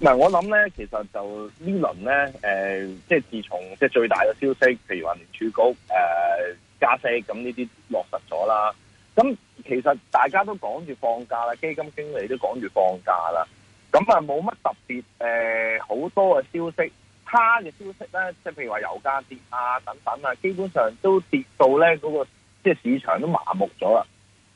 嗱，我諗咧，其實就輪呢輪咧，誒、呃，即係自從即係最大嘅消息，譬如話聯儲局誒加息，咁呢啲落實咗啦。咁其實大家都趕住放假啦，基金經理都趕住放假啦。咁啊，冇乜特別誒，好多嘅消息，差嘅消息咧，即係譬如話油價跌啊等等啊，基本上都跌到咧嗰、那個即係市場都麻木咗啦。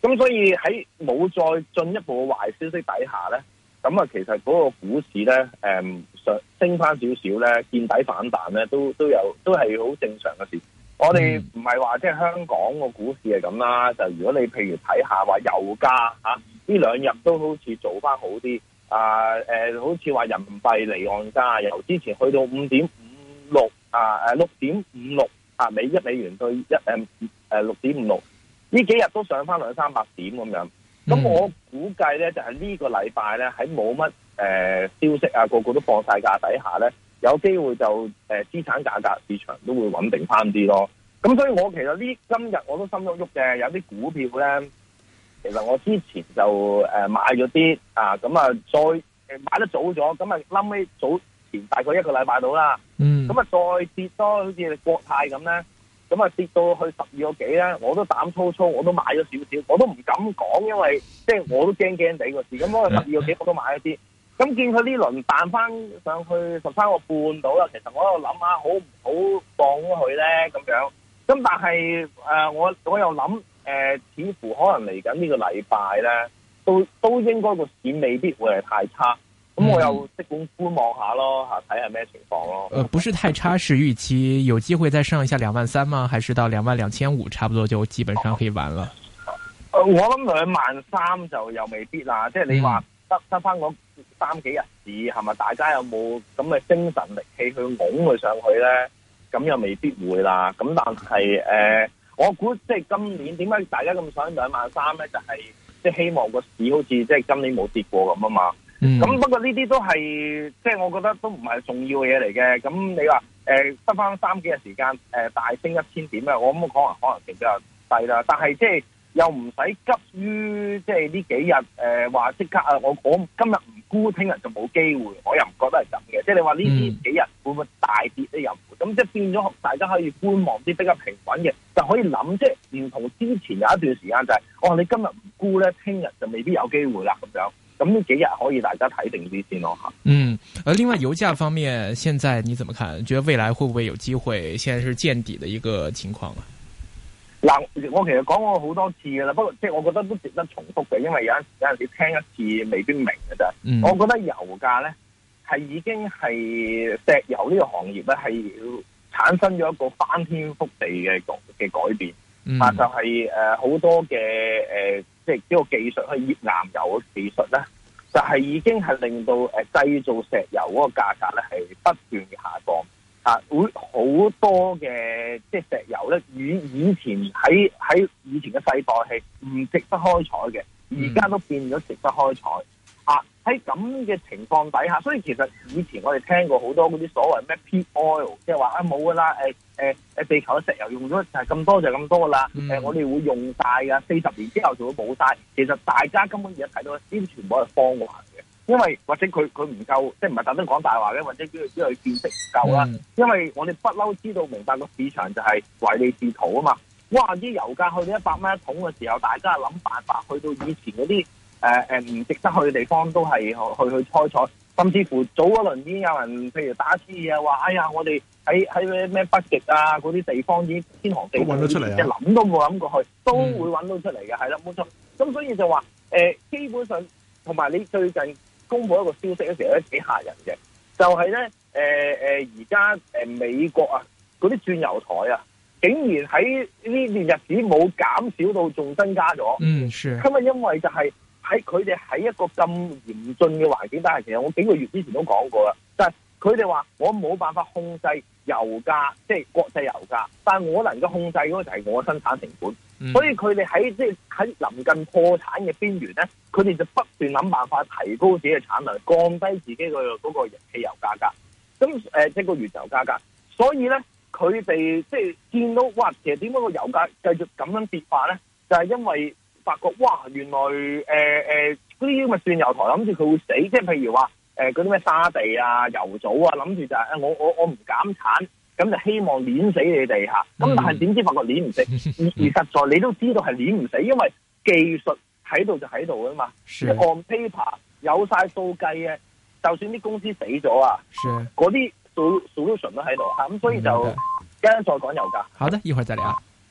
咁所以喺冇再進一步嘅壞消息底下咧。咁啊，其實嗰個股市咧，誒、嗯、上升翻少少咧，見底反彈咧，都都有，都係好正常嘅事。我哋唔係話即係香港個股市係咁啦。就如果你譬如睇下話油價嚇，呢、啊、兩日都好似做翻好啲啊。誒、啊，好似話人民幣離岸價由之前去到五點五六啊，誒六點五六啊美一美元對一誒誒六點五六，呢、啊、幾日都上翻兩三百點咁樣。咁我估計咧，就係呢個禮拜咧，喺冇乜誒消息啊，個個都放晒假底下咧，有機會就誒資產價格市場都會穩定翻啲咯。咁所以我其實呢今日我都心喐喐嘅，有啲股票咧，其實我之前就誒買咗啲啊，咁啊再買得早咗，咁啊諗起早前大概一個禮拜到啦，咁啊、嗯、再跌多好似國泰咁咧。咁啊跌到去十二個幾呢？我都膽粗粗，我都買咗少少，我都唔敢講，因為即係我都驚驚地個市。咁我十二個幾，我都，那我我都買咗一啲。咁見佢呢輪彈翻上去十三個半到啦，其實我喺度諗下，好唔好放咗佢咧？咁樣，咁但係誒、呃，我我又諗誒、呃，似乎可能嚟緊呢個禮拜咧，都都應該個市未必會係太差。咁我又即管觀望下咯吓，睇下咩情況咯。誒、嗯呃，唔係太差，是預期有機會再上一下兩萬三嗎？還是到兩萬兩千五，差不多就基本上可以玩喇。呃、我諗兩萬三就又未必啦，即係你話得得翻嗰三幾日市係咪大家有冇咁嘅精神力氣去拱佢上去咧？咁又未必會啦。咁但係誒、呃，我估即係今年點解大家咁想兩萬三咧？就係、是、即係希望個市好似即係今年冇跌過咁啊嘛。咁、嗯、不過呢啲都係，即、就、係、是、我覺得都唔係重要嘅嘢嚟嘅。咁你話誒，得、呃、翻三幾日時間誒、呃，大升一千點啊，我冇可能可能比較低啦。但係即係又唔使急於即係呢幾日誒話即刻啊！我我今日唔沽，聽日就冇機會，我又唔覺得係咁嘅。即係你話呢幾日會唔會大跌咧？又咁即係變咗大家可以觀望啲比較平穩嘅，就可以諗即係唔同之前有一段時間就係、是，我、哦、話你今日唔沽咧，聽日就未必有機會啦咁樣。咁呢幾日可以大家睇定啲先咯吓。嗯，而另外油價方面，現在你怎麼看？覺得未來會唔會有機會？現在是見底的一個情況啊？嗱，嗯，我其實講過好多次噶啦，不過即係我覺得都值得重複嘅，因為有陣有陣你聽一次未必明噶咋。嗯，我覺得油價咧係已經係石油呢個行業咧係產生咗一個翻天覆地嘅改嘅改變。嗯，但就係誒好多嘅誒。呃即係呢個技術去頁岩油嘅技術咧，就係、是、已經係令到誒製造石油嗰個價格咧係不斷下降，啊，會好多嘅即係石油咧，與以前喺喺以前嘅世代係唔值得開採嘅，而家都變咗值得開採。喺咁嘅情況底下，所以其實以前我哋聽過好多嗰啲所謂咩 Peak Oil，即係話啊冇噶啦，誒誒誒地球嘅石油用咗就係咁多就咁多噶啦，誒、嗯呃、我哋會用曬噶，四十年之後就會冇晒。其實大家根本而家睇到啲全部係謊話嘅，因為或者佢佢唔夠，即係唔係特登講大話嘅，或者之之佢見識唔夠啦。夠夠嗯、因為我哋不嬲知道明白個市場就係唯利是圖啊嘛。哇！啲油價去到一百蚊一桶嘅時候，大家諗辦法去到以前嗰啲。誒誒，唔、呃、值得去嘅地方都係去去開採，甚至乎早一輪已經有人，譬如打啲嘢話，哎呀，我哋喺喺咩咩北極啊嗰啲地方，天寒地凍，都出嚟即係諗都冇諗過去，嗯、都會揾到出嚟嘅，係啦冇錯。咁所以就話誒、呃，基本上同埋你最近公布一個消息嘅時候咧，幾吓人嘅，就係咧誒誒，而家誒美國啊，嗰啲鑽油台啊，竟然喺呢段日子冇減少到，仲增加咗。嗯，是。今因為就係、是。喺佢哋喺一個咁嚴峻嘅環境底下，但其實我幾個月之前都講過啦。但係佢哋話我冇辦法控制油價，即係國際油價，但係我能夠控制嗰個就係我生產成本。嗯。所以佢哋喺即係喺臨近破產嘅邊緣咧，佢哋就不斷諗辦法提高自己嘅產能，降低自己嘅嗰個汽油價格。咁誒一個月油價格，所以咧佢哋即係見到哇，其實點解個油價繼續咁樣跌化咧？就係因為。發覺哇，原來誒誒嗰啲咪鑽油台諗住佢會死，即係譬如話誒嗰啲咩沙地啊、油組啊，諗住就係、是、我我我唔減產，咁就希望碾死你哋吓。咁、嗯、但係點知道發覺碾唔死，而而、嗯、實在、嗯、你都知道係碾唔死，因為技術喺度就喺度噶嘛。on 是 paper 有晒數計咧，就算啲公司死咗啊，嗰啲是 solution 都喺度吓，咁所以就一陣再講油價。好的，一會再嚟啊。